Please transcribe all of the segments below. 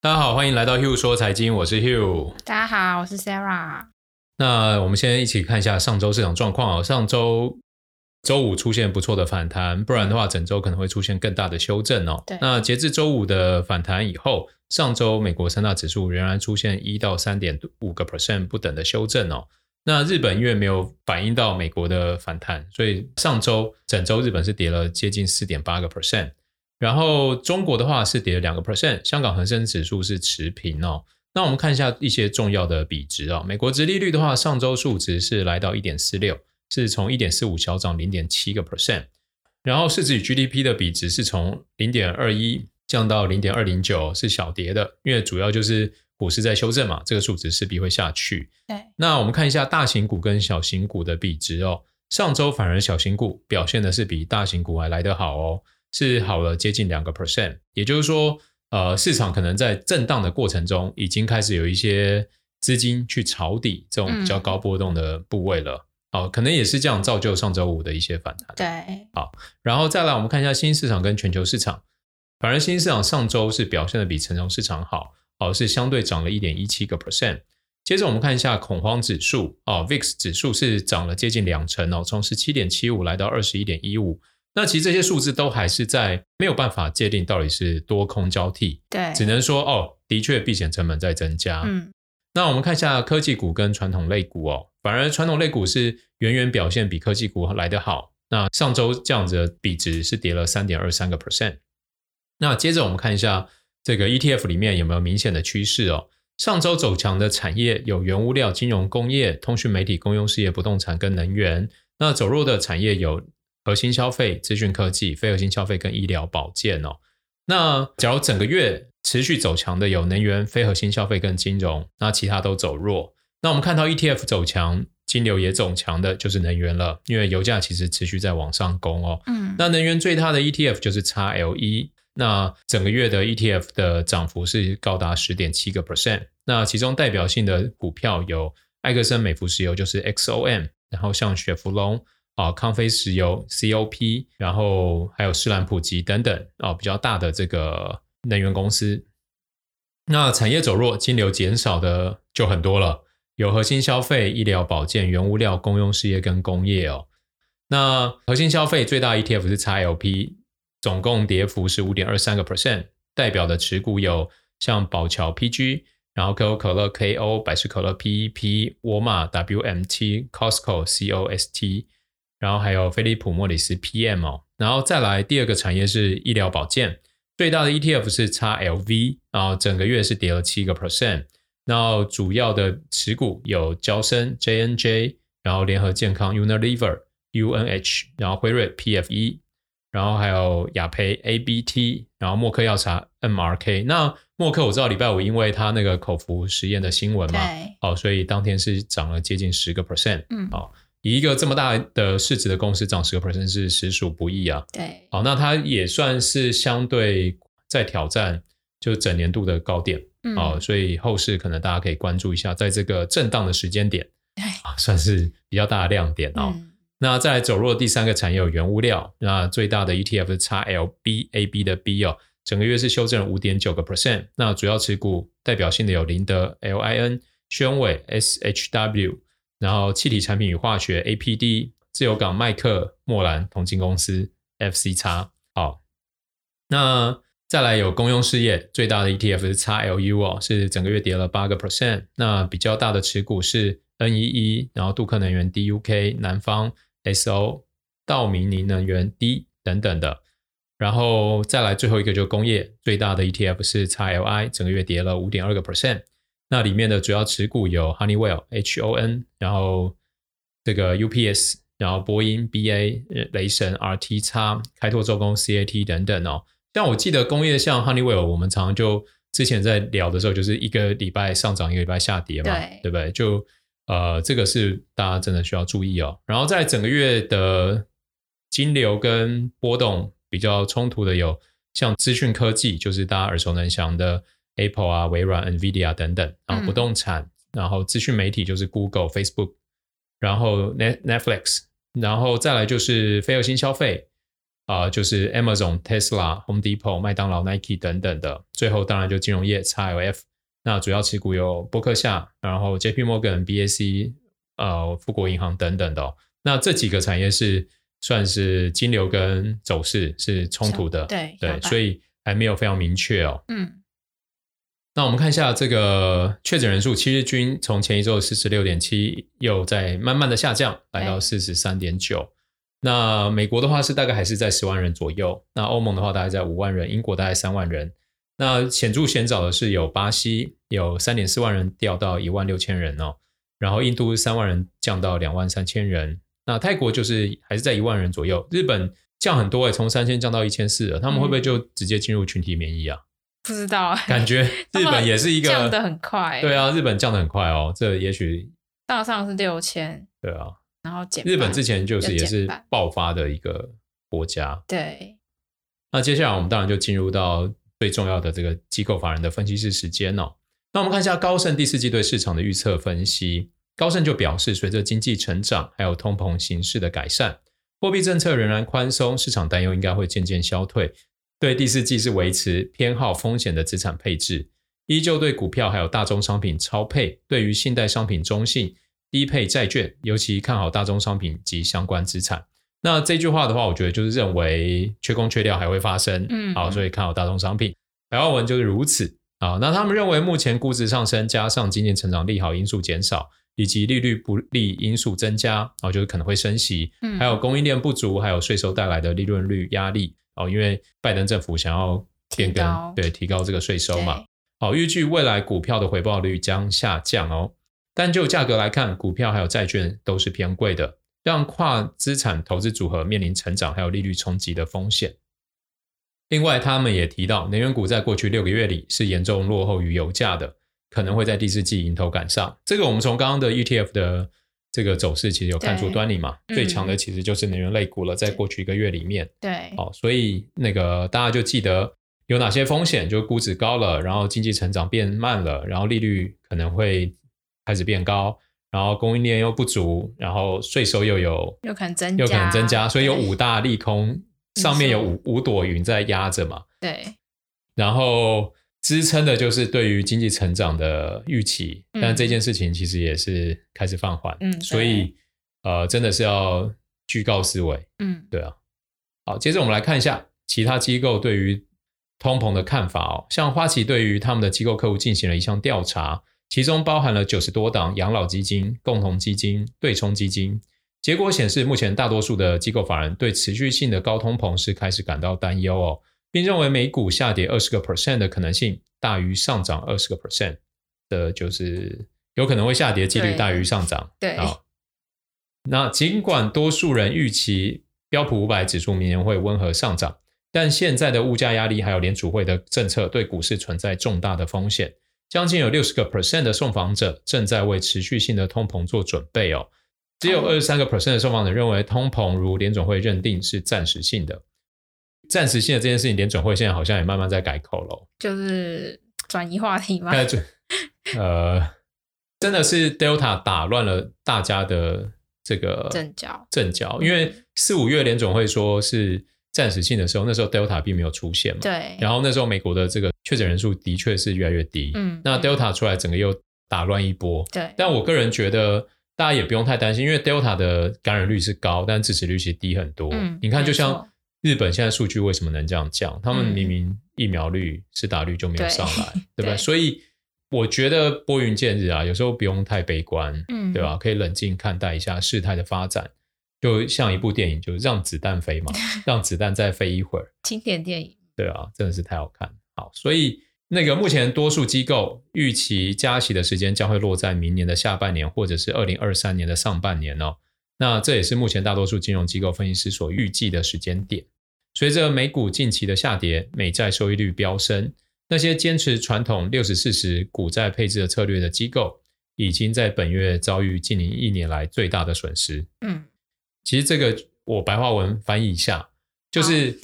大家好，歡迎來到 Hugh 說財經，我是 Hugh。大家好，我是 Sarah。那我們先一起看一下上周市場狀況啊、哦。上周周五出現不錯的反彈，不然的話，整周可能會出現更大的修正哦。對那截至周五的反彈以後，上周美國三大指數仍然出現一到三點五個 percent 不等的修正哦。那日本因為沒有反映到美國的反彈，所以上周整周日本是跌了接近四點八個 percent。然後中國的話是跌了兩個 percent，香港恆生指數是持平哦。那我們看一下一些重要的比值哦。美國殖利率的話，上周數值是來到一點四六，是從一點四五小漲零點七個 percent。然後市值與 GDP 的比值是從零點二一降到零點二零九，是小跌的，因為主要就是股市在修正嘛，這個數值勢必會下去。對那我們看一下大型股跟小型股的比值哦。上周反而小型股表現的是比大型股還來得好哦。是好了接近兩個 percent，也就是說，呃，市場可能在震盪的過程中，已經開始有一些資金去抄底這種比較高波動的部位了。好、嗯哦，可能也是這樣造就上周五的一些反彈。對，好，然後再來我們看一下新興市場跟全球市場，反而新興市場上周是表現的比成熟市場好，而、哦、是相對漲了一點一七個 percent。接着我們看一下恐慌指數，啊、哦、VIX 指數是漲了接近兩成哦，從十七點七五來到二十一點一五。那其實這些數字都還是在沒有辦法界定到底是多空交替，對，只能說哦，的確避險成本在增加。嗯，那我們看一下科技股跟傳統類股哦，反而傳統類股是遠遠表現比科技股來得好。那上周這樣子的比值是跌了三點二三個 percent。那接着我們看一下這個 ETF 裡面有沒有明顯的趨勢哦。上周走強的產業有原物料、金融、工業、通訊媒體、公用事業、不動產跟能源。那走弱的產業有。核心消費、資訊科技、非核心消費跟醫療保健哦。那假如整個月持續走強的有能源、非核心消費跟金融，那其他都走弱。那我們看到 ETF 走強，金流也走強的，就是能源了，因為油價其實持續在往上攻哦。嗯，那能源最大的 ETF 就是 XLE，那整個月的 ETF 的漲幅是高達十點七個 percent。那其中代表性的股票有埃克森美孚石油，就是 XOM，然後像雪佛龍。啊，康菲石油 （COP），然後還有施蘭普吉等等啊，比較大的這個能源公司。那產業走弱，金流減少的就很多了。有核心消費、醫療保健、原物料、公用事業跟工業哦。那核心消費最大 ETF 是 XLp，總共跌幅是五點二三個 percent，代表的持股有像寶橋 PG，然後可口可樂 KO，百事可樂 PEP，沃爾瑪 WMT，Costco COST。然後還有菲利普莫里斯 （PM），、哦、然後再來第二個產業是醫療保健，最大的 ETF 是 XLV，然後整個月是跌了七個 percent。那主要的持股有交生 （JNJ），然後聯合健康 （Unilever，UNH），然後輝瑞 （PFE），然後還有雅培 （ABT），然後默克藥查 m r k 那默克我知道禮拜五因為他那個口服實驗的新聞嘛，Okay. 哦，所以當天是漲了接近十個 percent。嗯，好、哦。以一個這麼大的市值的公司漲十個 percent 是實屬不易啊！對、哦，那它也算是相對在挑戰，就整年度的高點好，嗯哦，所以後市可能大家可以關注一下，在這個震盪的時間點，對啊，算是比較大的亮點哦。嗯，那再走弱第三個產業有原物料，那最大的 ETF 是 XLB，AB 的 B 哦，整個月是修正了五點九個 percent，那主要持股代表性的有林德 LIN、宣偉 SHW。SH w，然後，氣體產品與化學 APD 自由港麥克莫蘭銅金公司 FCX 好。那再來有公用事業最大的 ETF 是叉 LU 哦，是整個月跌了八個 percent。那比較大的持股是 NEE，然後杜克能源 DUK、南方 SO、道明尼能源 D 等等的。然後再來最後一個就是工業最大的 ETF 是叉 LI，整個月跌了五點二個 percent。那裡面的主要持股有 Honeywell H, well, H O N，然後這個 UPS，然後波音 B A，雷神 R T x 開拓重工 C A T 等等哦。像我記得工業像 Honeywell，我們常常就之前在聊的時候，就是一個禮拜上漲，一個禮拜下跌嘛，對，對不對？就呃，這個是大家真的需要注意哦。然後在整個月的金流跟波動比較衝突的有，像資訊科技，就是大家耳熟能詳的。Apple 啊，微軟、NVIDIA 等等，啊，不動產，嗯、然後資訊媒體就是 Google、Facebook，然後 Netflix，然後再來就是非核心消費啊、呃，就是 Amazon、Tesla、Home Depot、麥當勞、Nike 等等的。最後當然就金融業 XLF，那主要持股有波克夏，然後 JP Morgan、BAC，呃，富國銀行等等的，哦。那這幾個產業是算是金流跟走勢是衝突的，對對，對對，所以還沒有非常明確哦。嗯。那我們看一下這個確診人數七日均從前一周的四十六點七，又在慢慢的下降，來到四十三點九。欸、那美國的話是大概還是在十萬人左右，那歐盟的話大概在五萬人，英國大概三萬人。那顯著顯早的是有巴西有三點四萬人掉到一萬六千人哦，然後印度三萬人降到兩萬三千人，那泰國就是還是在一萬人左右，日本降很多哎，從三千降到一千四了，他們會不會就直接進入群體免疫啊？嗯不知道，感覺日本也是一個降得很快。對啊，日本降得很快哦，這也許。大上是六千。對啊，然後減。日本之前就是也是爆發的一個國家。對。那接下來我們當然就進入到最重要的這個機構法人的分析師時間了哦。那我們看一下高盛第四季對市場的預測分析。高盛就表示，隨着經濟成長還有通膨形勢的改善，貨幣政策仍然寬鬆，市場擔憂應該會漸漸消退。對第四季是維持偏好風險的資產配置，依舊對股票還有大宗商品超配，對於信貸商品中性低配債券，尤其看好大宗商品及相關資產。那這句話的話，我覺得就是認為缺工缺料還會發生，嗯，好，所以看好大宗商品。白話文就是如此啊。那他們認為目前估值上升，加上經濟成長利好因素減少，以及利率不利因素增加，然後就是可能會升息，嗯，還有供應鏈不足，還有稅收帶來的利潤率壓力。因為拜登政府想要變更，提高對提高這個稅收嘛。對好，預計未來股票的回報率將下降哦，但就價格來看，股票還有債券都是偏貴的，讓跨資產投資組合面臨成長還有利率衝擊的風險。另外，他們也提到，能源股在過去六個月裡是嚴重落後於油價的，可能會在第四季迎頭趕上。這個我們從剛剛的 ETF 的。這個走勢其實有看出端倪嘛？嗯、最強的其實就是能源類股了。在過去一個月裡面，對，對好，所以那個大家就記得有哪些風險：就是估值高了，然後經濟成長變慢了，然後利率可能會開始變高，然後供應鏈又不足，然後稅收又有有可能增加，所以有五大利空，對上面有五五朵雲在壓着嘛？對，然後。支撐的就是對於經濟成長的預期，但這件事情其實也是開始放緩，嗯、所以對呃，真的是要居高思維。嗯，對啊。好，接着我們來看一下其他機構對於通膨的看法哦。像花旗對於他們的機構客戶進行了一項調查，其中包含了九十多檔養老基金、共同基金、對沖基金。結果顯示，目前大多數的機構法人對持續性的高通膨是開始感到擔憂哦。並認為美股下跌二十個 percent 的可能性大於上漲二十個 percent 的，就是有可能會下跌幾率大於上漲。對啊，好，那儘管多數人預期標普五百指數明年會溫和上漲，但現在的物價壓力還有聯儲會的政策對股市存在重大的風險。將近有六十個 percent 的受訪者正在為持續性的通膨做準備哦，只有二十三個 percent 的受訪者認為通膨如聯儲會認定是暫時性的。暫時性的這件事情，聯準會現在好像也慢慢在改口了，就是轉移話題嘛？就呃，真的是 Delta 打亂了大家的這個陣腳，陣腳。因為四五月聯準會說是暫時性的時候，那時候 Delta 並沒有出現嘛，對。然後那時候美國的這個確診人數的確是越來越低，嗯。那 Delta 出來，整個又打亂一波，對。但我個人覺得大家也不用太擔心，因為 Delta 的感染率是高，但致死率其實低很多。嗯，你看，就像。日本現在數據為什麼能這樣講？他們明明疫苗率、施打率就沒有上來，嗯、對，對，對吧？所以我覺得撥雲見日啊，有時候不用太悲觀，嗯，對吧？可以冷靜看待一下事態的發展。就像一部電影，就是讓子彈飛嘛，讓子彈再飛一會兒。經典 電影。對啊，真的是太好看了。好，所以那個目前多數機構預期加息的時間將會落在明年的下半年，或者是二零二三年的上半年哦。那這也是目前大多數金融機構分析師所預計的時間點。隨着美股近期的下跌，美債收益率飆升，那些堅持傳統六十四十股債配置的策略的機構，已經在本月遭遇近零一年來最大的損失。嗯，其實這個我白話文翻譯一下，就是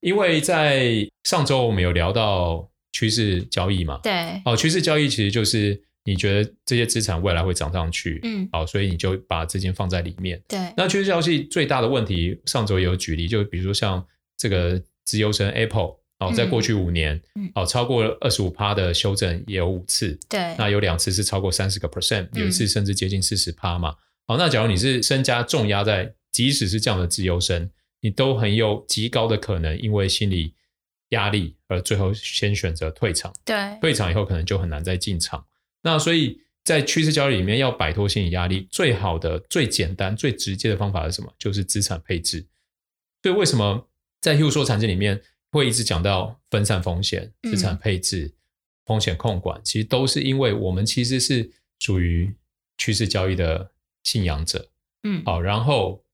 因為在上周我們有聊到趨勢交易嘛，對、嗯，哦，趨勢交易其實就是。你覺得這些資產未來會漲上去？嗯，好、哦，所以你就把資金放在裡面。對，那趨勢消息最大的問題，上周有舉例，就比如說像這個自由身 Apple，哦、在過去五年，好、嗯嗯哦，超過二十五趴的修正也有五次。對，那有兩次是超過三十個 percent，有一次甚至接近四十趴嘛。好、嗯哦，那假如你是身家重壓在，即使是這樣的自由身，你都很有極高的可能，因為心理壓力而最後先選擇退場。對，退場以後可能就很難再進場。那所以，在趨勢交易裡面要擺脫心理壓力，最好的、最簡單、最直接的方法是什麼？就是資產配置。所以為什麼在《Hugh 說財經》裡面會一直講到分散風險、資產配置、風險控管？嗯、其實都是因為我們其實是屬於趨勢交易的信仰者。嗯，好，然後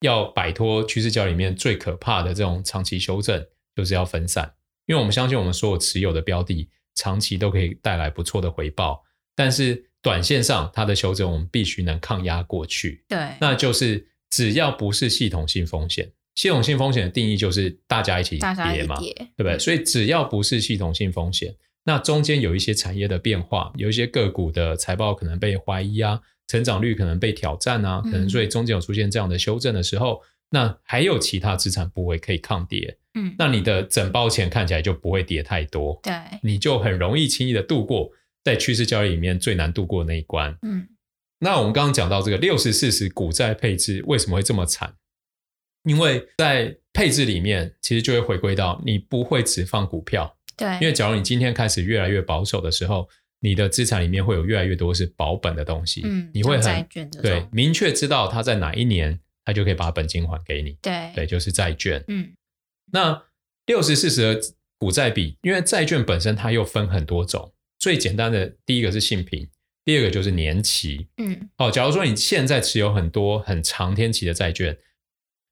要擺脫趨勢交易裡面最可怕的這種長期修正，就是要分散，因為我們相信我們所有持有的標的長期都可以帶來不錯的回報。但是短線上它的修正，我們必須能抗壓過去。對，那就是只要不是系統性風險。系統性風險的定義就是大家一起大跌嘛，大跌對不對？所以只要不是系統性風險，那中間有一些產業的變化，有一些個股的財報可能被懷疑啊，成長率可能被挑戰啊，可能所以中間有出現這樣的修正的時候，嗯、那還有其他資產部位可以抗跌。嗯，那你的整包錢看起來就不會跌太多。對，你就很容易輕易的度過。在趨勢交易裡面最難度過的那一關。嗯，那我們剛剛講到這個六十四十股債配置為什麼會這麼慘？因為在配置裡面，其實就會回歸到你不會只放股票。對，因為假如你今天開始越來越保守的時候，你的資產裡面會有越來越多是保本的東西。嗯，你會很對明確知道它在哪一年，它就可以把本金還給你。對，對，就是債券。嗯，那六十四十的股債比，因為債券本身它又分很多種。最簡單的第一個是信評，第二個就是年期。嗯，哦，假如說你現在持有很多很長天期的債券，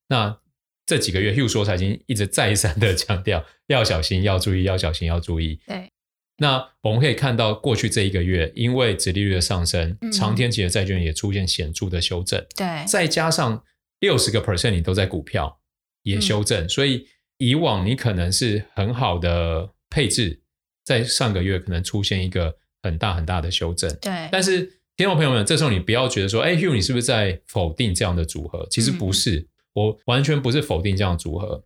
那這幾個月，Hugh 說財經一直再三的強調要小心，要注意，要小心，要注意。對。那我們可以看到，過去這一個月，因為殖利率的上升，嗯、長天期的債券也出現顯著的修正。對。再加上六十個 percent 你都在股票，也修正，嗯、所以以往你可能是很好的配置。在上個月可能出現一個很大很大的修正，對。但是聽眾朋友們，這時候你不要覺得說，哎，Hugh，你是不是在否定這樣的組合？其實不是，嗯、我完全不是否定這樣的組合。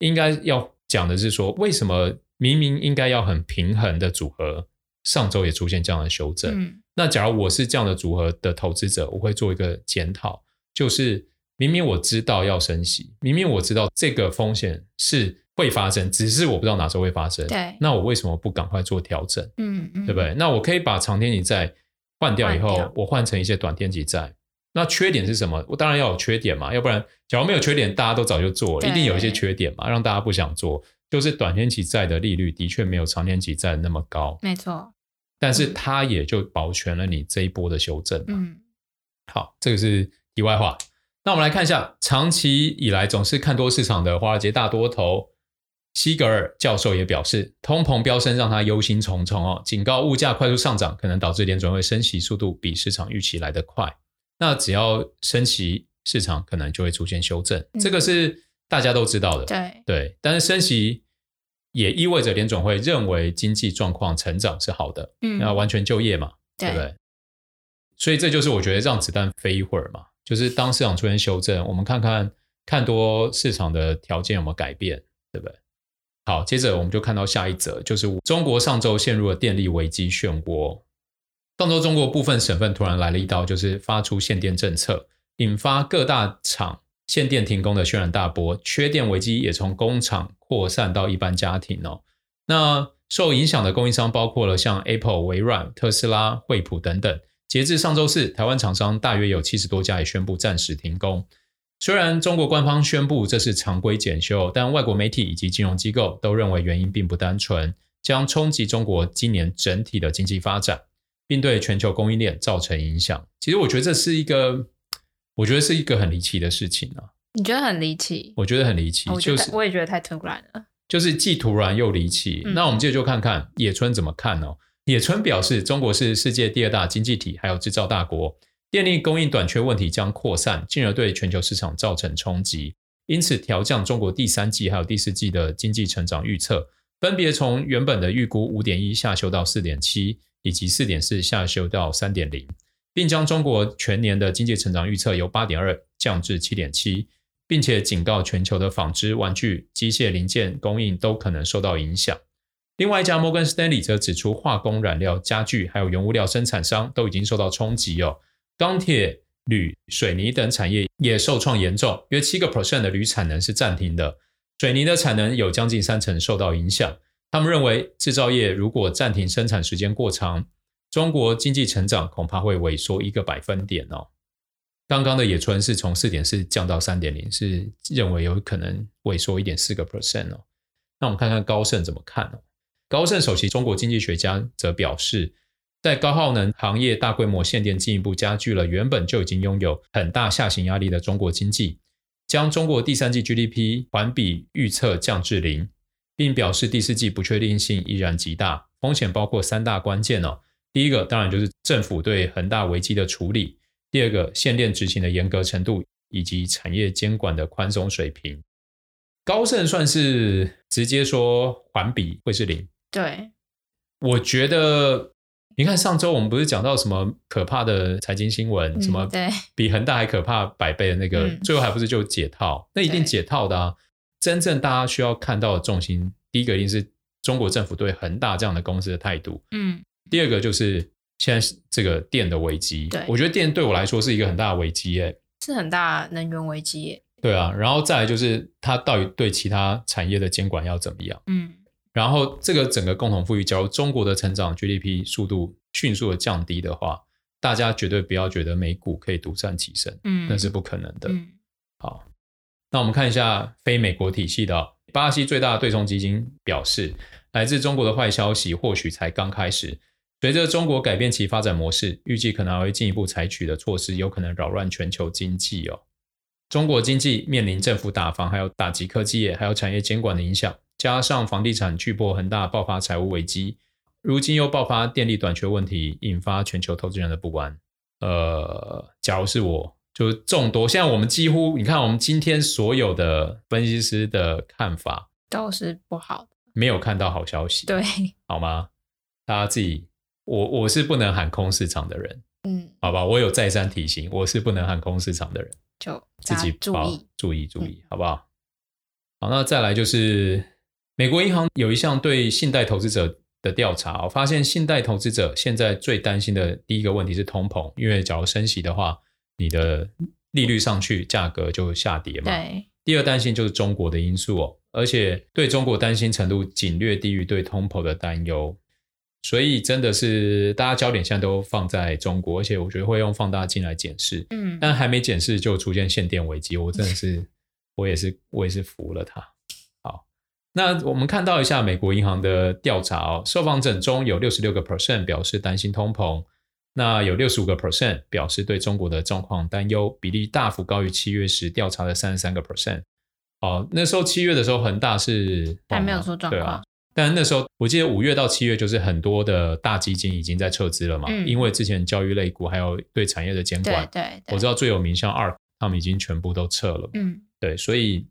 應該要講的是說，為什麼明明應該要很平衡的組合，上周也出現這樣的修正？嗯、那假如我是這樣的組合的投資者，我會做一個檢討，就是明明我知道要升息，明明我知道這個風險是。會發生，只是我不知道哪時候會發生。對，那我為什麼不趕快做調整？嗯嗯，嗯，對不對？那我可以把長天期債換掉以後，換掉我換成一些短天期債。那缺點是什麼？我當然要有缺點嘛，要不然，假如沒有缺點，大家都早就做了，對一定有一些缺點嘛，讓大家不想做。就是短天期債的利率的確沒有長天期債那麼高，沒錯。但是它也就保全了你這一波的修正嘛。嗯，好，這個是題外話。那我們來看一下，長期以來總是看多市場的華爾街大多頭。希格爾教授也表示，通膨飆升讓他憂心忡忡哦，警告物價快速上漲可能導致聯準會升息速度比市場預期來得快。那只要升息，市場可能就會出現修正，嗯、這個是大家都知道的。對對，但是升息也意味着聯準會認為經濟狀況成長是好的，嗯，那完全就業嘛，對，對不對？所以這就是我覺得讓子彈飛一會兒嘛，就是當市場出現修正，我們看看看多市場的條件有沒有改變，對不對？好，接着我們就看到下一則，就是中國上周陷入了電力危機漩渦。上周中國部分省份突然來了一刀，就是發出限電政策，引發各大廠限電停工的軒然大波，缺電危機也從工廠擴散到一般家庭哦。那受影響的供應商包括了像 Apple、微軟、特斯拉、惠普等等。截至上周四，台灣廠商大約有七十多家也宣布暫時停工。雖然中國官方宣布這是常規檢修，但外國媒體以及金融機構都認為原因並不單純，將衝擊中國今年整體的經濟發展，並對全球供應鏈造成影響。其實我覺得這是一個，我覺得是一個很離奇的事情、啊、你覺得很離奇？我覺得很離奇，哦、就是我也覺得太突然了，就是既突然又離奇。嗯、那我們這就看看野村怎麼看哦，野村表示，中國是世界第二大經濟體，還有製造大國。電力供應短缺問題將擴散，進而對全球市場造成衝擊。因此，調降中國第三季還有第四季的經濟成長預測，分別從原本的預估五點一下修到四點七，以及四點四下修到三點零，並將中國全年的經濟成長預測由八點二降至七點七，並且警告全球的紡織、玩具、機械零件供應都可能受到影響。另外一家摩根士丹利則指出，化工、染料、家具還有原物料生產商都已經受到衝擊哦。鋼鐵、鋁、水泥等產業也受創嚴重，約七個 percent 的鋁產能是暫停的，水泥的產能有將近三成受到影響。他們認為，製造業如果暫停生產時間過長，中國經濟成長恐怕會萎縮一個百分點哦。剛剛的野村是從四點四降到三點零，是認為有可能萎縮一點四個 percent 哦。那我們看看高盛怎麼看呢？哦？高盛首席中國經濟學家則表示，在高耗能行業大規模限電，進一步加劇了原本就已經擁有很大下行壓力的中國經濟。將中國第三季 GDP 環比預測降至零，並表示第四季不確定性依然極大，風險包括三大關鍵哦。第一個當然就是政府對恆大危機的處理，第二個限電執行的嚴格程度，以及產業監管的寬鬆水平。高盛算是直接說環比會是零。對，我覺得。你看上周我們不是講到什麼可怕的財經新聞，什麼比恆大還可怕百倍的那個，嗯、最後還不是就解套？嗯、那一定解套的啊！對，真正大家需要看到的重心，第一個一定是中國政府對恆大這樣的公司的態度，嗯。第二個就是現在是這個電的危機，對，我覺得電對我來說是一個很大的危機、欸，哎，是很大能源危機、欸，對啊。然後再來就是它到底對其他產業的監管要怎麼樣，嗯。然後，這個整個共同富裕，假如中國的成長 GDP 速度迅速的降低的話，大家絕對不要覺得美股可以獨善其身，嗯，那是不可能的。嗯，好，那我們看一下非美國體系的巴西最大的對沖基金表示，來自中國的壞消息或許才剛開始。隨着中國改變其發展模式，預計可能還會進一步採取的措施，有可能擾亂全球經濟哦。中國經濟面臨政府打房，還有打擊科技業，還有產業監管的影響。加上房地產巨波、恆大爆發財務危機，如今又爆發電力短缺問題，引發全球投資人的不安。呃，假如是我，就是眾多。現在我們幾乎你看，我們今天所有的分析師的看法都是不好的，沒有看到好消息。對，好嗎？大家自己，我我是不能喊空市場的人。嗯，好吧，我有再三提醒，我是不能喊空市場的人，就給自己注意注意注意，嗯、好不好？好，那再來就是。美國銀行有一項對信貸投資者的調查，我發現信貸投資者現在最擔心的第一個問題是通膨，因為假如升息的話，你的利率上去，價格就下跌嘛。對第二擔心就是中國的因素哦，而且對中國擔心程度僅略低於對通膨的擔憂，所以真的是大家焦點現在都放在中國，而且我覺得會用放大鏡來檢視。嗯。但還沒檢視就出現限電危機，我真的是， 我也是，我也是服了他。那我們看到一下美國銀行的調查哦，受訪者中有六十六個 percent 表示擔心通膨，那有六十五個 percent 表示對中國的狀況擔憂，比例大幅高於七月時調查的三十三個 percent。哦，那時候七月的時候恆大是還沒有說狀況，對啊，但那時候我記得五月到七月就是很多的大基金已經在撤資了嘛，嗯、因為之前教育類股還有對產業的監管，對，對，對，我知道最有名像 ARC 他們已經全部都撤了，嗯，對，所以。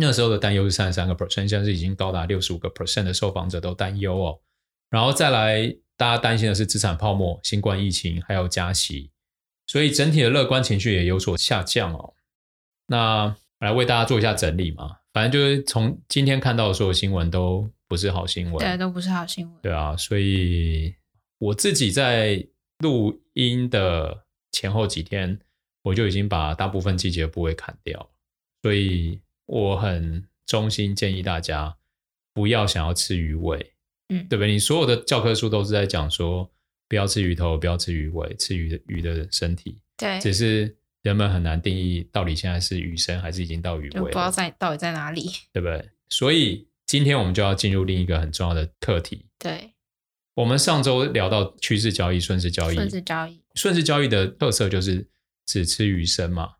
那時候的擔憂是三十三個 percent，現在是已經高達六十五個 percent 的受訪者都擔憂哦。然後再來，大家擔心的是資產泡沫、新冠疫情還有加息，所以整體的樂觀情緒也有所下降哦。那來為大家做一下整理嘛，反正就是從今天看到的所有新聞都不是好新聞，對，都不是好新聞，對啊。所以我自己在錄音的前後幾天，我就已經把大部分季節部位砍掉，所以。我很衷心建議大家，不要想要吃魚尾，嗯，對不對？你所有的教科書都是在講說，不要吃魚頭，不要吃魚尾，吃魚的魚的身體。對，只是人們很難定義到底現在是魚身還是已經到魚尾，不知道在到底在哪裡，對不對？所以今天我們就要進入另一個很重要的課題。對，我們上周聊到趨勢交易、順勢交易、順勢交易、順勢交易的特色就是只吃魚身嘛，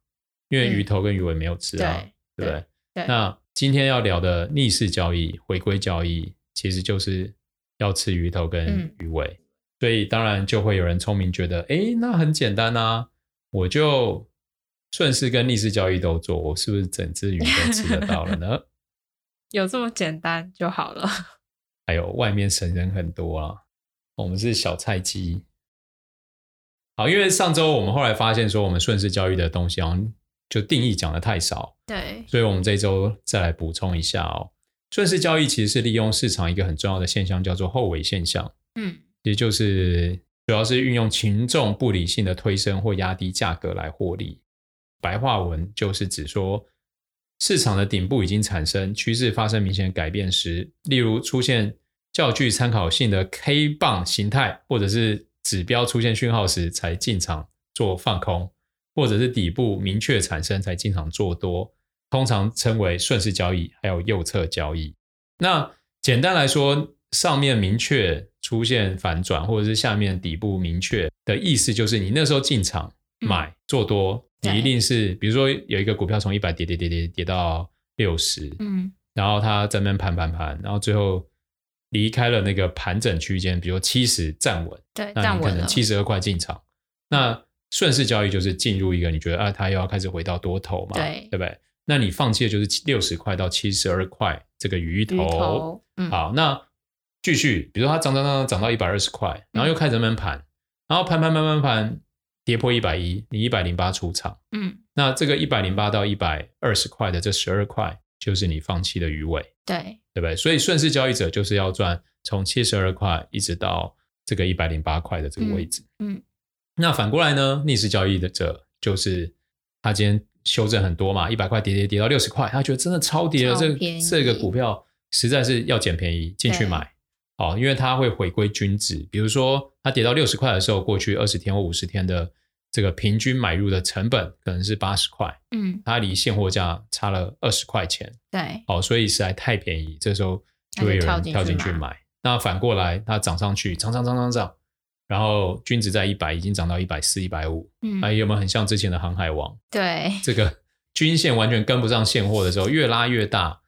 因為魚頭跟魚尾沒有吃啊，嗯、對，對不對？對那今天要聊的逆勢交易、回歸交易，其實就是要吃魚頭跟魚尾，嗯、所以當然就會有人聰明覺得，誒，那很簡單啊，我就順勢跟逆勢交易都做，我是不是整隻魚都吃得到了呢？ 有這麼簡單就好了。還有、哎、外面神人很多啊，我們是小菜雞。好，因為上周我們後來發現說，我們順勢交易的東西就定義講得太少，對，所以我們這周再來補充一下哦。逆勢交易其實是利用市場一個很重要的現象，叫做厚尾現象，嗯，也就是主要是運用群眾不理性的推升或壓低價格來獲利。白話文就是指說，市場的頂部已經產生趨勢發生明顯改變時，例如出現較具參考性的 K 棒形態，或者是指標出現訊號時，才進場做放空。或者是底部明確產生，才進場做多，通常稱為順勢交易，還有右側交易。那簡單來說，上面明確出現反轉，或者是下面底部明確的意思，就是你那時候進場買、嗯、做多，你一定是對比如說有一個股票從一百跌跌跌跌跌到六十，嗯，然後它在那邊盤盤盤，然後最後離開了那個盤整區間，比如七十站穩，站穩，那你可能，七十二塊進場，那。順勢交易就是進入一個你覺得啊，它又要開始回到多頭嘛，對，對不對？那你放棄的就是六十塊到七十二塊這個魚頭，魚頭嗯、好，那繼續，比如它漲漲漲漲漲到一百二十塊，然後又開始悶盤，嗯、然後盤盤盤盤盤跌破一百一，你一百零八出場，嗯，那這個一百零八到一百二十塊的這十二塊就是你放棄的魚尾，對，對不對？所以順勢交易者就是要賺從七十二塊一直到這個一百零八塊的這個位置，嗯。嗯那反過來呢？逆勢交易的者就是他今天修正很多嘛，一百塊跌跌跌到六十塊，他覺得真的超跌了，這個、這個股票實在是要撿便宜進去買，對哦，因為它會回歸均值。比如說它跌到六十塊的時候，過去二十天或五十天的這個平均買入的成本可能是八十塊，嗯，它離現貨價差了二十塊錢，對，哦，所以實在太便宜，這時候就會有人跳進去買。買，那反過來它漲上去，漲漲漲漲漲，漲，漲。然後均值在一百，已經漲到一百四、一百五，還、哎、有沒有很像之前的航海王？對，這個均線完全跟不上現貨的時候，越拉越大，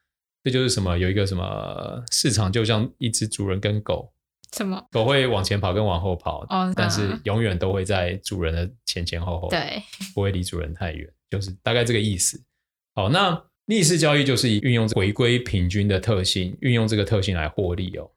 這就是什麼？有一個什麼市場，就像一只主人跟狗，什麼狗會往前跑跟往後跑，哦、但是永遠都會在主人的前前後後，對，不會離主人太遠，就是大概這個意思。好，那逆勢交易就是以運用這回歸平均的特性，運用這個特性來獲利哦。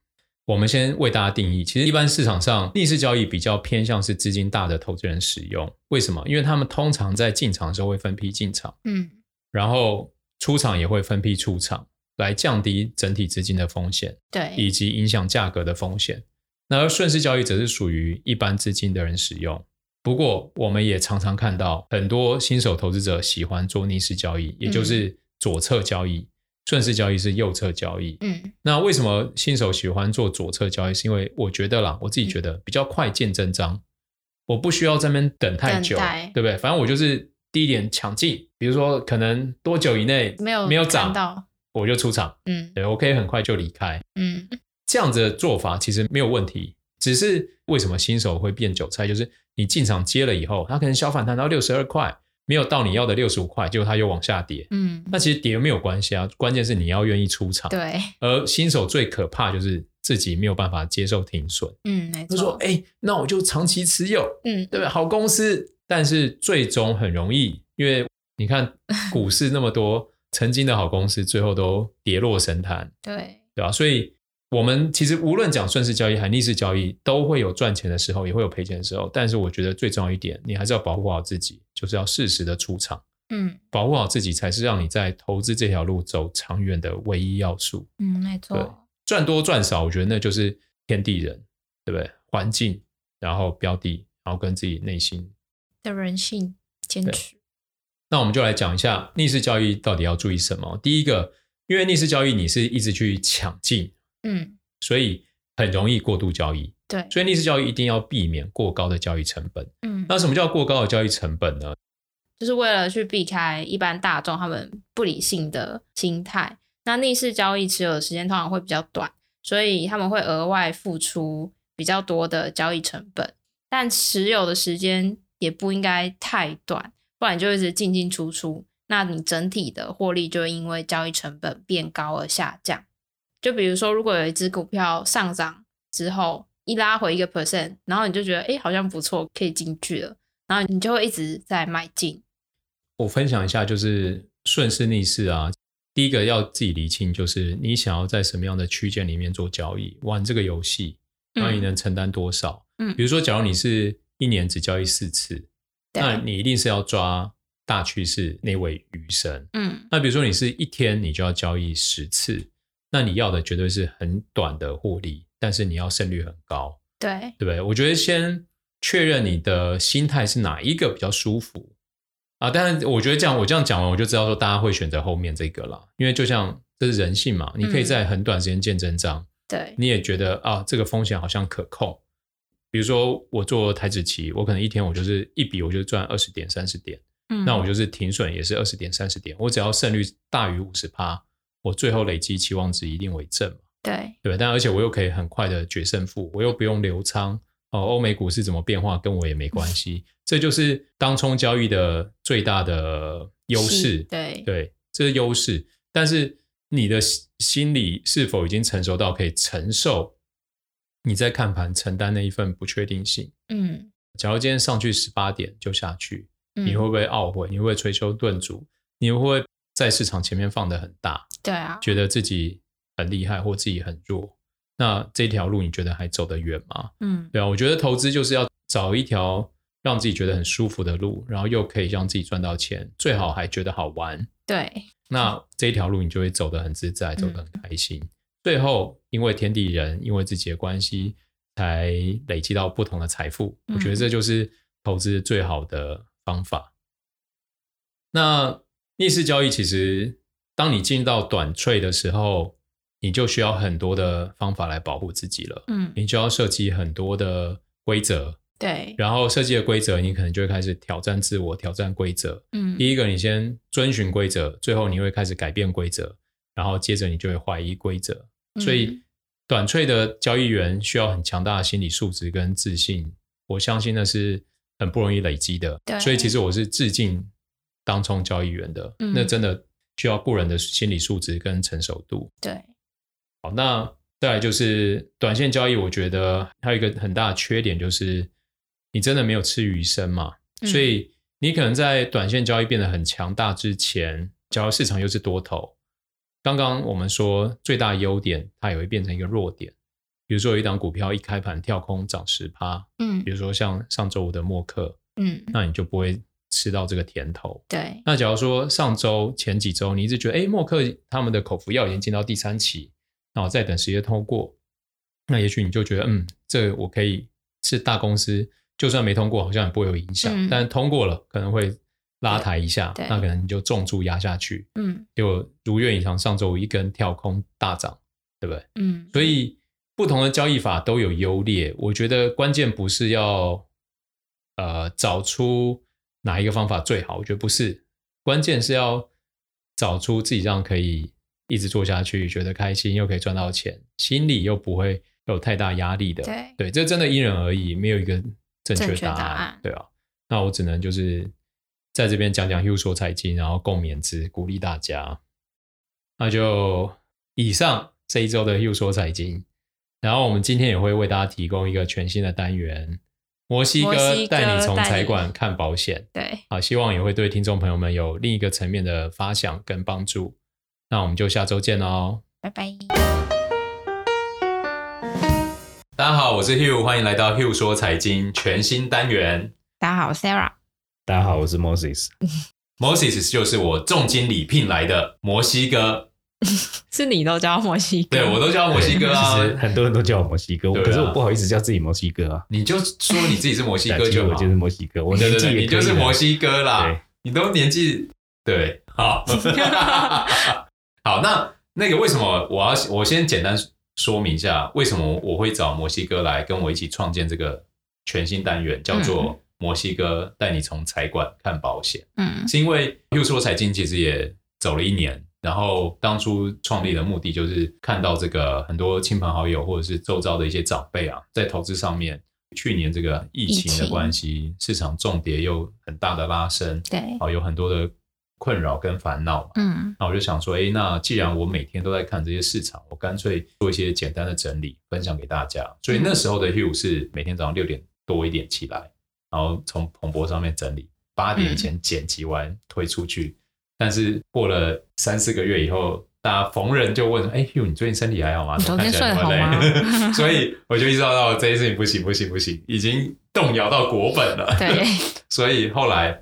我們先為大家定義，其實一般市場上逆勢交易比較偏向是資金大的投資人使用，為什麼？因為他們通常在進場的時候會分批進場，嗯，然後出場也會分批出場，來降低整體資金的風險，對，以及影響價格的風險。那而順勢交易則是屬於一般資金的人使用。不過我們也常常看到很多新手投資者喜歡做逆勢交易，也就是左側交易。嗯順勢交易是右側交易，嗯，那為什麼新手喜歡做左側交易？是因為我覺得啦，我自己覺得比較快見真章，嗯，我不需要在那邊等太久，等待，對不對？反正我就是低點搶進，比如說可能多久以內沒有，沒有漲到，我就出場，嗯，對，我可以很快就離開，嗯，這樣子的做法其實沒有問題，只是為什麼新手會變韭菜？就是你進場接了以後，它可能小反彈到六十二塊。沒有到你要的六十五塊，結果它又往下跌。嗯，那其實跌沒有關係啊，關鍵是你要願意出場。對，而新手最可怕就是自己沒有辦法接受停損。嗯，沒錯。他說：“誒、欸、那我就長期持有。”嗯，對吧？好公司，但是最終很容易，因為你看股市那麼多曾經的好公司，最後都跌落神壇。對，對吧、啊？所以。我們其實無論講順勢交易還是逆勢交易，都會有賺錢的時候，也會有賠錢的時候。但是我覺得最重要一點，你還是要保護好自己，就是要適時的出場。嗯，保護好自己才是讓你在投資這條路走長遠的唯一要素。嗯，沒錯。對，賺多賺少，我覺得那就是天地人，對不對？環境，然後標的，然後跟自己內心的人性堅持。那我們就來講一下逆勢交易到底要注意什麼。第一個，因為逆勢交易你是一直去搶進。嗯，所以很容易過度交易。對，所以逆勢交易一定要避免過高的交易成本。嗯，那什麼叫過高的交易成本呢？就是為了去避開一般大眾他們不理性的心態。那逆勢交易持有的時間通常會比較短，所以他們會額外付出比較多的交易成本。但持有的時間也不應該太短，不然就一直進進出出，那你整體的獲利就會因為交易成本變高而下降。就比如說，如果有一只股票上漲之後一拉回一個 percent，然後你就覺得哎、欸，好像不錯，可以進去了，然後你就會一直在買進。我分享一下，就是順勢逆勢啊。第一個要自己理清，就是你想要在什麼樣的區間裡面做交易，玩這個遊戲，那你能承擔多少？嗯，嗯比如說，假如你是一年只交易四次，嗯、那你一定是要抓大趨勢那位雨神。嗯，那比如說你是一天你就要交易十次。那你要的絕對是很短的獲利，但是你要勝率很高，對對不對？我覺得先確認你的心態是哪一個比較舒服啊？但是我覺得這樣，我這樣講完，我就知道說大家會選擇後面這個了，因為就像這是人性嘛，嗯、你可以在很短時間見證章。對，你也覺得啊，這個風險好像可控。比如說我做台子期，我可能一天我就是一筆，我就賺二十點,點、三十點，嗯，那我就是停損也是二十點、三十點，我只要勝率大於五十趴，我最後累積期望值一定為正嘛？對，對，但而且我又可以很快的決勝負，我又不用留倉哦。呃、歐美股市怎麼變化跟我也沒關係， 這就是當沖交易的最大的優勢。對對，這是優勢。但是你的心理是否已經成熟到可以承受你在看盤承擔那一份不確定性？嗯，假如今天上去十八點就下去，嗯、你會不會懊悔？你會不會捶胸頓足？你會不會在市場前面放得很大？對啊，覺得自己很厲害或自己很弱，那這條路你覺得還走得遠嗎？嗯，對啊，我覺得投資就是要找一條讓自己覺得很舒服的路，然後又可以讓自己賺到錢，最好還覺得好玩。對，那這條路你就會走得很自在，嗯、走得很開心。最後，因為天地人，因為自己的關係，才累積到不同的財富。我覺得這就是投資最好的方法。嗯、那逆勢交易其實。當你進到短脆的時候，你就需要很多的方法來保護自己了。嗯，你就要設計很多的規則。對，然後設計的規則，你可能就會開始挑戰自我，挑戰規則。嗯，第一個你先遵循規則，最後你會開始改變規則，然後接着你就會懷疑規則。所以，短脆的交易員需要很強大的心理素質跟自信，我相信那是很不容易累積的。對，所以其實我是致敬當沖交易員的，嗯，那真的。需要過人的心理素質跟成熟度。對，好，那再來就是短線交易，我覺得還有一個很大的缺點，就是你真的沒有吃魚身嘛。嗯、所以你可能在短線交易變得很強大之前，只要市場又是多頭，剛剛我們說最大優點，它也會變成一個弱點。比如說有一檔股票一開盤跳空漲十趴，嗯，比如說像上週五的默克，嗯，那你就不會。吃到這個甜頭，對。那假如說上周前幾週，你一直覺得，哎，默克他們的口服藥已經進到第三期，然後再等時間通過，那也許你就覺得，嗯，這個、我可以是大公司，就算沒通過，好像也不會有影響。嗯、但通過了，可能會拉抬一下，那可能你就重注壓下去，嗯，就如願以償。上周五一根跳空大漲，對不對？嗯。所以不同的交易法都有優劣，我覺得關鍵不是要，呃，找出。哪一個方法最好？我覺得不是，關鍵是要找出自己這樣可以一直做下去，覺得開心又可以賺到錢，心裡又不會有太大壓力的。對，對，這真的因人而異，沒有一個正確答案。正確答案。對啊，那我只能就是在這邊講講 Hugh 說財經，然後共勉之，鼓勵大家。那就以上這一周的 Hugh 說財經，然後我們今天也會為大家提供一個全新的單元。摩西哥帶你從財管看保險，對，希望也會對聽眾朋友們有另一個層面的發想跟幫助。那我們就下周見嘍，拜拜。大家好，我是 Hugh，歡迎來到 Hugh 說財經全新單元。大家好，我是 Sarah。大家好，我是，是 Moses，Moses 就是我重金禮聘來的摩西哥。 是你都叫摩西哥？對，我都叫摩西哥、啊、其實很多人都叫我摩西哥，我啊、可是我不好意思叫自己摩西哥啊。你就說你自己是摩西哥就好，就我就是摩西哥。我年紀你就是摩西哥啦，對你都年紀對，好。 好，那那個為什麼我要我先簡單說明一下，為什麼我會找摩西哥來跟我一起創建這個全新單元，叫做《摩西哥帶你從財管看保險》。嗯，是因為 Hugh 說財經其實也走了一年，然後當初創立的目的就是看到這個很多親朋好友或者是周遭的一些長輩啊，在投資上面，去年這個疫情的關係，疫情，市場重跌又很大的拉升，對，哦，有很多的困擾跟煩惱嘛，嗯，那我就想說，哎，那既然我每天都在看這些市場，我乾脆做一些簡單的整理，分享給大家。所以那時候的 Hugh 是每天早上六點多一點起來，然後從彭博上面整理，八點以前剪輯完、嗯、推出去。但是過了三四個月以後，大家逢人就問：“哎、欸，Hugh，你最近身體還好嗎？昨天睡得好嗎？ 所以我就意識到，這件事情不行，不行，不行，已經動搖到國本了。對。所以後來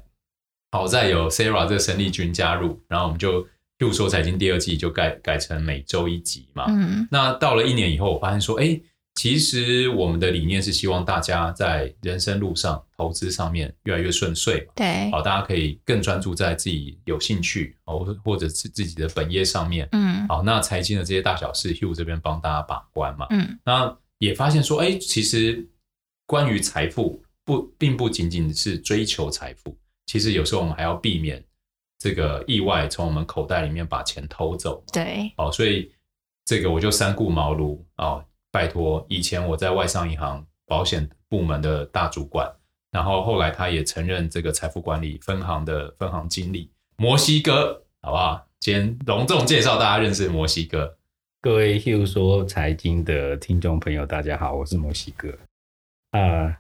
好在有 Sarah 這個生力軍加入，然後我們就《Hugh 說財經》第二季就改改成每周一集嘛。嗯、那到了一年以後，我發現說：“哎、欸。”其實我們的理念是希望大家在人生路上、投資上面越來越順遂。對，好、哦，大家可以更專注在自己有興趣哦，或者是自己的本業上面。嗯，好、哦，那財經的這些大小事，Hugh 這邊幫大家把關嘛。嗯，那也發現說，欸、其實關於財富不，不並不僅僅是追求財富，其實有時候我們還要避免這個意外從我們口袋裡面把錢偷走。對，好、哦，所以這個我就三顧茅廬啊。哦拜託，以前我在外商銀行保險部門的大主管，然後後來他也曾任這個財富管理分行的分行經理，摩西哥，好不好？今天隆重介紹大家認識摩西哥，各位 Hugh 說財經的聽眾朋友，大家好，我是摩西哥。啊、呃，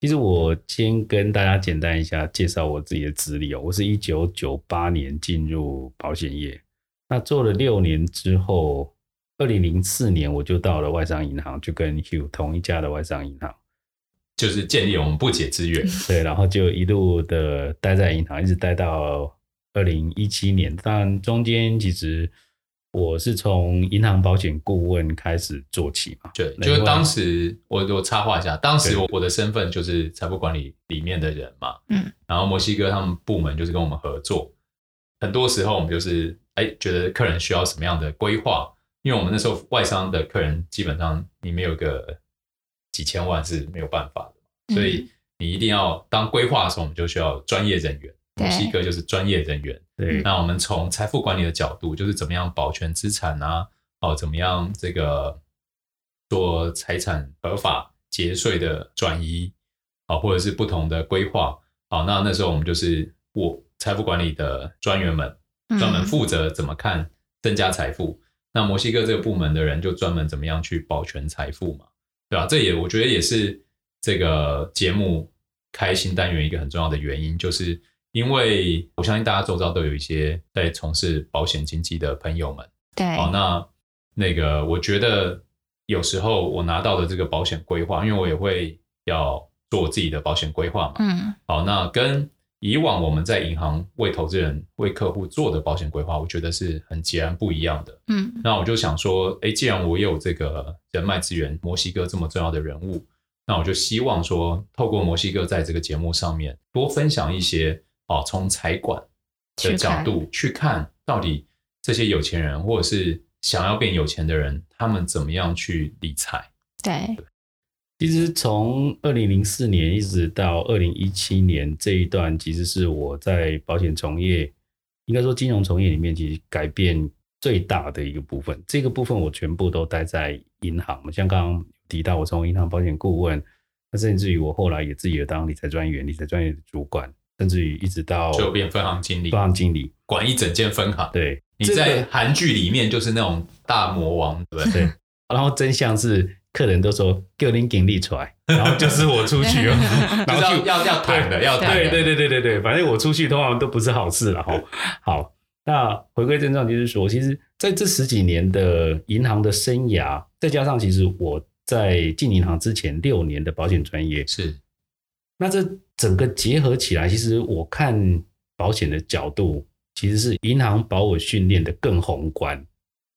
其實我先跟大家簡單一下介紹我自己的資歷哦，我是一九九八年進入保險業，那做了六年之後。二零零四年我就到了外商銀行，就跟 Hugh 同一家的外商銀行，就是建立我們不解之緣。 對，然後就一路的待在銀行，一直待到二零一七年。但中間其實我是從銀行保險顧問開始做起嘛。對，就是當時我我插話一下，當時我我的身份就是財富管理裡面的人嘛。嗯， 然後摩西哥他們部門就是跟我們合作，很多時候我們就是哎、欸、覺得客人需要什麼樣的規劃。因為我們那時候外商的客人基本上你沒有個幾千萬是沒有辦法的，嗯、所以你一定要當規劃的時候，我們就需要專業人員。摩對西哥就是專業人員。對對那我們從財富管理的角度，就是怎麼樣保全資產啊？哦，怎麼樣這個做財產合法節稅的轉移啊、哦？或者是不同的規劃好，那那時候我們就是我財富管理的專員們專門負責怎麼看增加財富。嗯那摩西哥這個部門的人就專門怎麼樣去保全財富嘛，對吧、啊？這也我覺得也是這個節目開新單元一個很重要的原因，就是因為我相信大家周遭都有一些在從事保險經紀的朋友們，對。好，那那個我覺得有時候我拿到的這個保險規劃，因為我也會要做我自己的保險規劃嘛，嗯。好，那跟。以往我們在銀行為投資人、為客戶做的保險規劃，我覺得是很截然不一樣的。嗯，那我就想說，哎，既然我有這個人脈資源，摩西哥這麼重要的人物，那我就希望說，透過摩西哥在這個節目上面多分享一些，啊，從財管的角度去，財，去看到底這些有錢人或者是想要變有錢的人，他們怎麼樣去理財？對。對其實從二零零四年一直到二零一七年這一段，其實是我在保險從業，應該說金融從業裡面，其實改變最大的一個部分。這個部分我全部都待在銀行。像剛剛提到，我從銀行保險顧問，那甚至於我後來也自己也當理財專員、理財專員的主管，甚至於一直到就變分行經理，分行經理管一整間分行。對，你在韓劇裡面就是那種大魔王，對不對？ 對，然後真相是。客人都說給我拎行李出來，然後就是， 就是我出去哦， 就要 然後 cue，要要談的，要談的對，對對對對對，反正我出去通常都不是好事了哈。 好，那回歸正傳，就是說，其實在這十幾年的銀行的生涯，再加上其實我在進銀行之前六年的保險專業，是那這整個結合起來，其實我看保險的角度，其實是銀行把我訓練的更宏觀。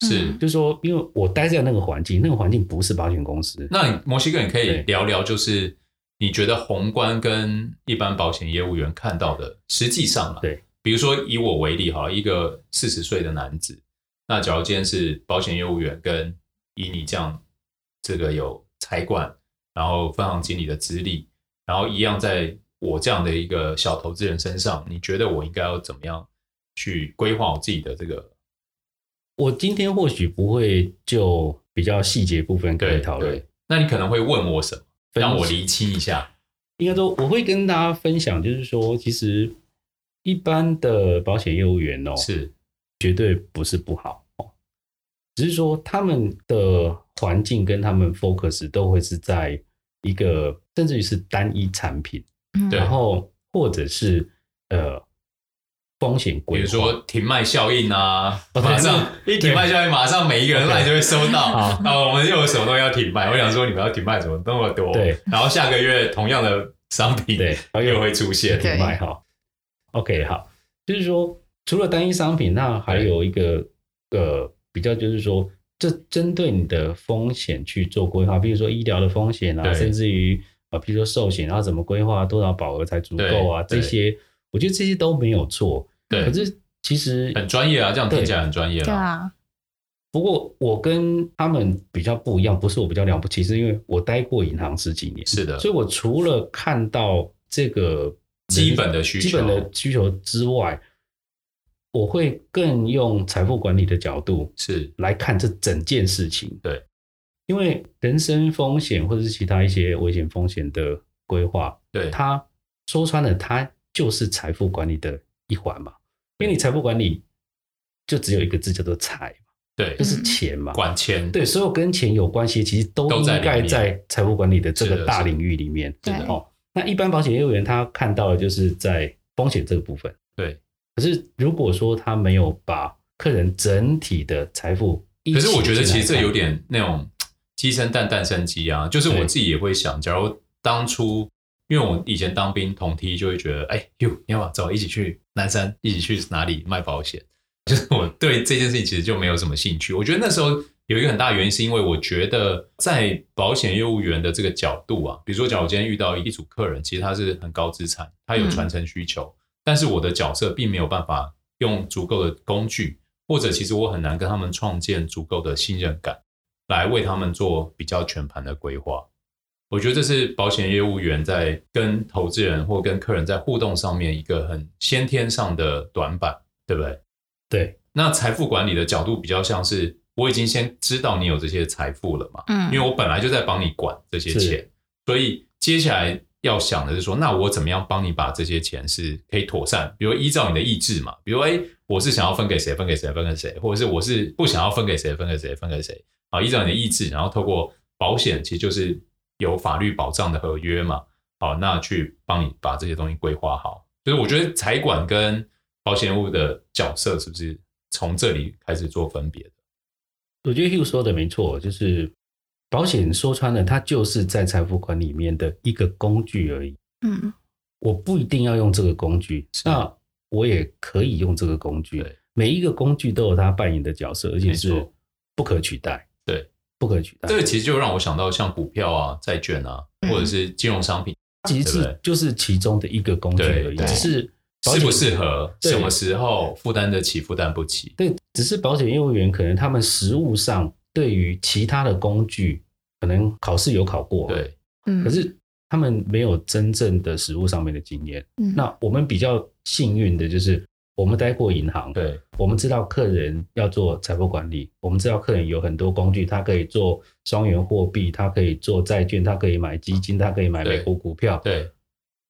是、嗯，就是說因為我待在那個環境，那個環境不是保險公司。那你摩西哥，你可以聊聊，就是你覺得宏觀跟一般保險業務員看到的，實際上嘛，對。比如說以我為例，哈，一個四十歲的男子，那假如今天是保險業務員，跟以你這樣這個有財管，然後分行經理的資歷，然後一樣在我這樣的一個小投資人身上，你覺得我應該要怎麼樣去規劃我自己的這個？我今天或許不會就比較細節部分跟你討論。那你可能會問我什麼，讓我釐清一下。應該都我會跟大家分享，就是說，其實一般的保險業務員哦、喔，是絕對不是不好，只是說他們的環境跟他們 focus 都會是在一個，甚至於是單一產品，嗯、然後或者是呃。風險，比如說停賣效應啊，馬上一停賣效應，馬上每一個人賣就會收到啊。我們又有什麼東西要停賣？我想說你們要停賣怎麼那麼多？對。然後下個月同樣的商品，對，又會出現停賣哈。OK，好，就是說除了單一商品，那還有一個呃比較，就是說這針對你的風險去做規劃，比如說醫療的風險啊，甚至於啊，比如說壽險，然後怎麼規劃多少保額才足夠啊，這些。我覺得這些都沒有錯，對可是其實很專業啊，這樣聽起來對很專業啊。不過我跟他們比較不一樣，不是我比較了不起，是因為我待過銀行十幾年，是的。所以，我除了看到這個基本的需求、基本的需求之外，我會更用財富管理的角度是來看這整件事情。對的，因為人身風險或者是其他一些危險風險的規劃，對他說穿了，他。就是財富管理的一環嘛，因為你財富管理就只有一個字叫做“財”嘛，對，就是錢嘛，管錢。對，所有跟錢有關係，其實都應該在財富管理的這個大領域裡面。對哦，那一般保險業務員他看到的就是在風險這個部分，對。可是如果說他沒有把客人整體的財富，可是我覺得其實這有點那種雞生蛋蛋生雞啊，就是我自己也會想，對假如當初。因為我以前當兵同梯，就會覺得哎喲，你要不要走一起去南山，一起去哪裡賣保險？就是我對這件事情其實就沒有什麼興趣。我覺得那時候有一個很大的原因，是因為我覺得在保險業務員的這個角度啊，比如說假如我今天遇到一組客人，其實他是很高資產，他有傳承需求，嗯、但是我的角色並沒有辦法用足夠的工具，或者其實我很難跟他們創建足夠的信任感，來為他們做比較全盤的規劃。我覺得這是保險業務員在跟投資人或跟客人在互動上面一個很先天上的短板，對不對？對。那財富管理的角度比較像是，我已經先知道你有這些財富了嘛，嗯，因為我本來就在幫你管這些錢，是所以接下來要想的是說，那我怎麼樣幫你把這些錢是可以妥善，比如依照你的意志嘛，比如哎，我是想要分給，分給誰，分給誰，分給誰，或者是我是不想要分給誰，分給誰，分給誰，啊，依照你的意志，然後透過保險，其實就是。有法律保障的合約嘛？好，那去幫你把這些東西規劃好。所以我覺得財管跟保險物的角色，是不是從這裡開始做分別的？我覺得 Hugh 說的沒錯，就是保險說穿了，它就是在財富管裡面的一個工具而已。嗯，我不一定要用這個工具，的那我也可以用這個工具。對每一個工具都有它扮演的角色，而且是不可取代。不可取代，這個其實就讓我想到像股票啊、債券啊，或者是金融商品，其實、嗯、就是其中的一個工具而已，只是適不適合，對什麼時候負擔得起，負擔不起。對，只是保險業務員可能他們實務上對於其他的工具，可能考試有考過，對，可是他們沒有真正的實務上面的經驗。嗯、那我們比較幸運的就是。我們待過銀行，對，我們知道客人要做財富管理，我們知道客人有很多工具，他可以做雙元貨幣，他可以做債券，他可以買基金，嗯、他可以買美國股票，對，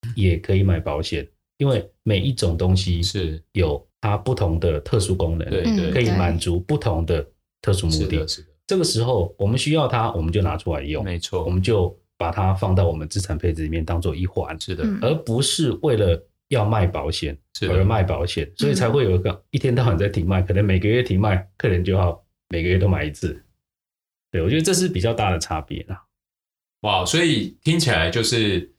對也可以買保險，因為每一種東西是有它不同的特殊功能，可以滿足不同的特殊目的。是的，是的，這個時候我們需要它，我們就拿出來用，嗯、沒錯，我們就把它放到我們資產配置裡面當做一環，是的，嗯、而不是為了。要賣保險，賣保險，的所以才會有一個一天到晚在停賣，嗯、可能每個月停賣，客人就要每個月都買一次。對，我覺得這是比較大的差別哇、啊，wow, 所以聽起來就是，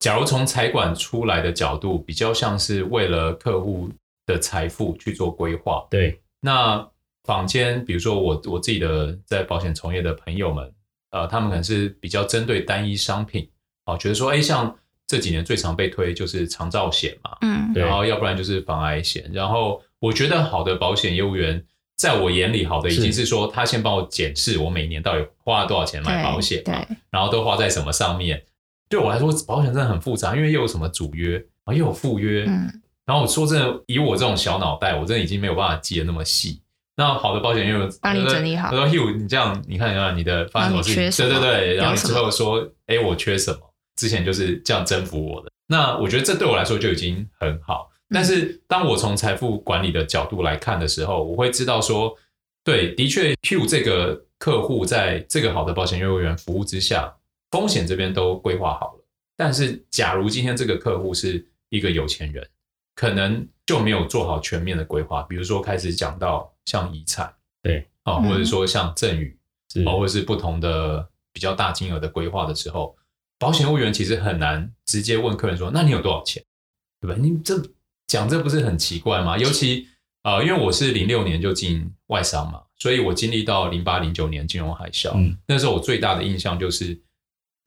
假如從財管出來的角度，比較像是為了客戶的財富去做規劃。對，那坊間比如說我我自己的在保險從業的朋友們，呃，他們可能是比較針對單一商品，哦、呃，覺得說，哎、欸，像。這幾年最常被推就是長照險嘛，嗯，對，然後要不然就是防癌險，然後我覺得好的保險業務員，在我眼裡好的已經是說，他先幫我檢視我每年到底花了多少錢買保險，對，對，然後都花在什麼上面。對我來說，保險真的很複雜，因為又有什麼主約啊，又有附約，嗯，然後我說真的，以我這種小腦袋，我真的已經沒有辦法記得那麼細。那好的保險業務員幫你整理好，然後你這樣，你看一下你，你的發生什麼。對對對，然後你之後說，哎，我缺什麼。之前就是這樣征服我的，那我覺得這對我來說就已經很好。但是，當我從財富管理的角度來看的時候，嗯、我會知道說，對，的確，Q 這個客戶在這個好的保險業務員服務之下，風險這邊都規劃好了。但是，假如今天這個客戶是一個有錢人，可能就沒有做好全面的規劃，比如說開始講到像遺產，對，啊，或者說像贈與，是或者是不同的比較大金額的規劃的時候。保險業務員其實很難直接問客人說：“那你有多少錢？”對吧？你這講這不是很奇怪嗎？尤其呃，因為我是零六年就進外商嘛，所以我經歷到零八、零九年金融海嘯。嗯，那時候我最大的印象就是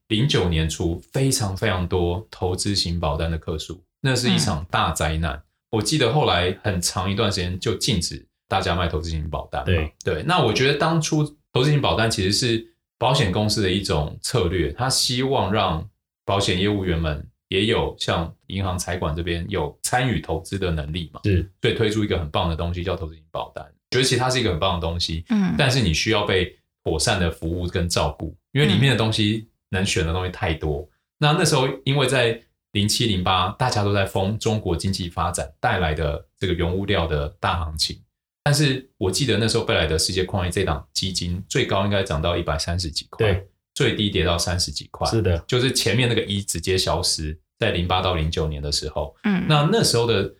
零九年初非常非常多投資型保單的客訴，那是一場大災難。嗯、我記得後來很長一段時間就禁止大家賣投資型保單。對對，那我覺得當初投資型保單其實是。保險公司的一種策略，他希望讓保險業務員們也有像銀行財管這邊有參與投資的能力嘛？是，所以推出一個很棒的東西叫投資型保單，覺得其實它是一個很棒的東西。嗯，但是你需要被妥善的服務跟照顧，嗯、因為裡面的東西能選的東西太多。那、嗯、那時候因為在零七零八大家都在瘋中國經濟發展帶來的這個原物料的大行情。但是我記得那時候貝萊德世界礦業這檔基金最高應該漲到一百三十幾塊，對，最低跌到三十幾塊。是的，就是前面那個一、e、直接消失在零八到零九年的時候。嗯，那那時候的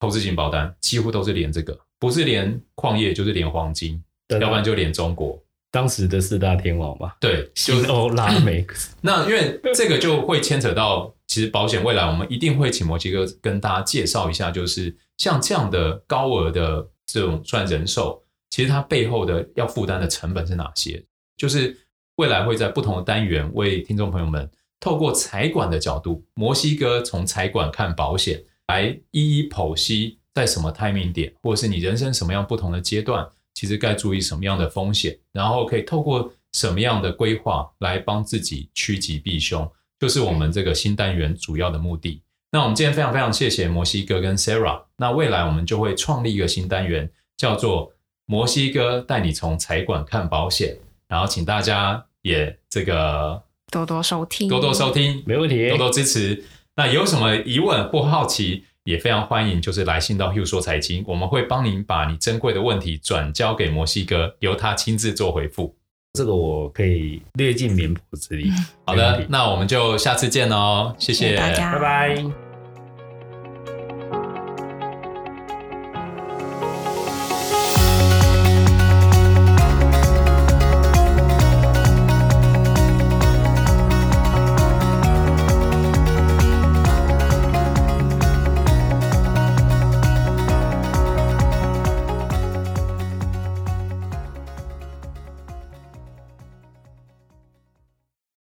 投資型保單幾乎都是連這個，不是連礦業就是連黃金對的，要不然就連中國當時的四大天王吧？對，就是、新歐拉美、嗯。那因為這個就會牽扯到，其實保險未來我們一定會請摩西哥跟大家介紹一下，就是像這樣的高額的。這種算人壽，其實它背後的要負擔的成本是哪些？就是未來會在不同的單元為聽眾朋友們，透過財管的角度，摩西哥從財管看保險，來一一剖析在什麼 timing 點，或者是你人生什麼樣不同的階段，其實該注意什麼樣的風險，然後可以透過什麼樣的規劃來幫自己趨吉避凶，就是我們這個新單元主要的目的。那我們今天非常非常謝謝摩西哥跟 Sarah。那未來我們就會創立一個新單元，叫做摩西哥帶你從財管看保險。然後請大家也這個多多收聽，多多收聽，沒問題，多多支持。那有什麼疑問或好奇，也非常歡迎，就是來信到 Hugh 說財經，我們會幫您把你珍貴的問題轉交給摩西哥，由他親自做回復。這個我可以略盡綿薄之力。嗯、好的，那我們就下次見嘍，謝謝大家，拜拜。Bye bye